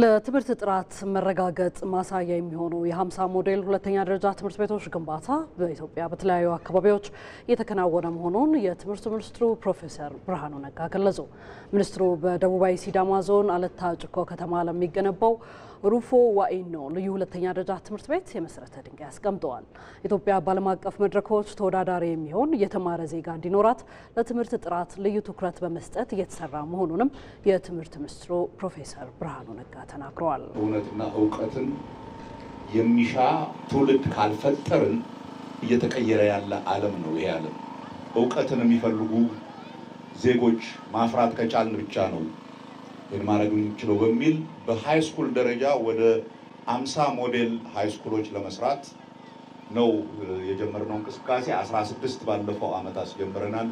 ለትምህርት ጥራት መረጋገጥ ማሳያ የሚሆኑ የሀምሳ ሞዴል ሁለተኛ ደረጃ ትምህርት ቤቶች ግንባታ በኢትዮጵያ በተለያዩ አካባቢዎች እየተከናወነ መሆኑን የትምህርት ሚኒስትሩ ፕሮፌሰር ብርሃኑ ነጋ ገለጹ። ሚኒስትሩ በደቡባዊ ሲዳማ ዞን አለታ ጭኮ ከተማ ለሚገነባው ሩፎ ዋኢኖ ልዩ ሁለተኛ ደረጃ ትምህርት ቤት የመሰረተ ድንጋይ አስቀምጠዋል። ኢትዮጵያ በዓለም አቀፍ መድረኮች ተወዳዳሪ የሚሆን የተማረ ዜጋ እንዲኖራት ለትምህርት ጥራት ልዩ ትኩረት በመስጠት እየተሰራ መሆኑንም የትምህርት ሚኒስትሩ ፕሮፌሰር ብርሃኑ ነጋ ተናግረዋል። እውነትና እውቀትን የሚሻ ትውልድ ካልፈጠርን እየተቀየረ ያለ ዓለም ነው ይሄ ዓለም። እውቀትን የሚፈልጉ ዜጎች ማፍራት ከቻልን ብቻ ነው ማድረግ የምንችለው በሚል በሃይ ስኩል ደረጃ ወደ አምሳ ሞዴል ሃይ ስኩሎች ለመስራት ነው የጀመርነው እንቅስቃሴ። 16 ባለፈው አመት አስጀምረናል።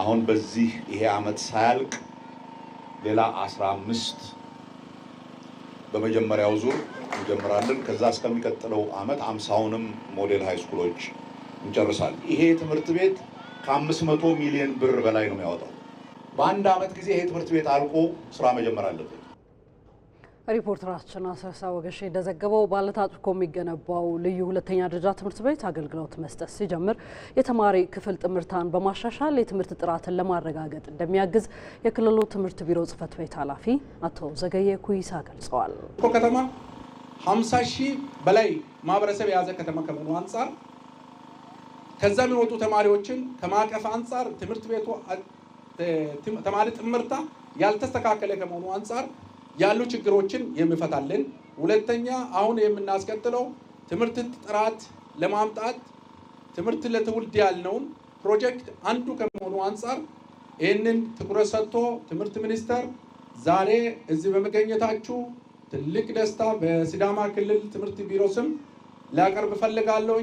አሁን በዚህ ይሄ አመት ሳያልቅ ሌላ አምስት በመጀመሪያው ዙር እንጀምራለን። ከዛ እስከሚቀጥለው አመት አምሳውንም ሞዴል ሃይ ስኩሎች እንጨርሳለን። ይሄ ትምህርት ቤት ከአምስት መቶ ሚሊዮን ብር በላይ ነው የሚያወጣው። በአንድ ዓመት ጊዜ ይሄ ትምህርት ቤት አልቆ ስራ መጀመር አለበት። ሪፖርተራችን አስረሳ ወገሼ እንደዘገበው ባለታሪኩ የሚገነባው ልዩ ሁለተኛ ደረጃ ትምህርት ቤት አገልግሎት መስጠት ሲጀምር የተማሪ ክፍል ጥምርታን በማሻሻል የትምህርት ጥራትን ለማረጋገጥ እንደሚያግዝ የክልሉ ትምህርት ቢሮ ጽህፈት ቤት ኃላፊ አቶ ዘገየ ኩይሳ ገልጸዋል። እኮ ከተማ 50 ሺህ በላይ ማህበረሰብ የያዘ ከተማ ከመሆኑ አንጻር ከዛ የሚወጡ ተማሪዎችን ከማዕቀፍ አንጻር ትምህርት ቤቱ ተማሪ ጥምርታ ያልተስተካከለ ከመሆኑ አንጻር ያሉ ችግሮችን የሚፈታልን። ሁለተኛ አሁን የምናስቀጥለው ትምህርት ጥራት ለማምጣት ትምህርት ለትውልድ ያልነውን ፕሮጀክት አንዱ ከመሆኑ አንጻር ይህንን ትኩረት ሰጥቶ ትምህርት ሚኒስቴር ዛሬ እዚህ በመገኘታችሁ ትልቅ ደስታ በሲዳማ ክልል ትምህርት ቢሮ ስም ላቀርብ እፈልጋለሁ።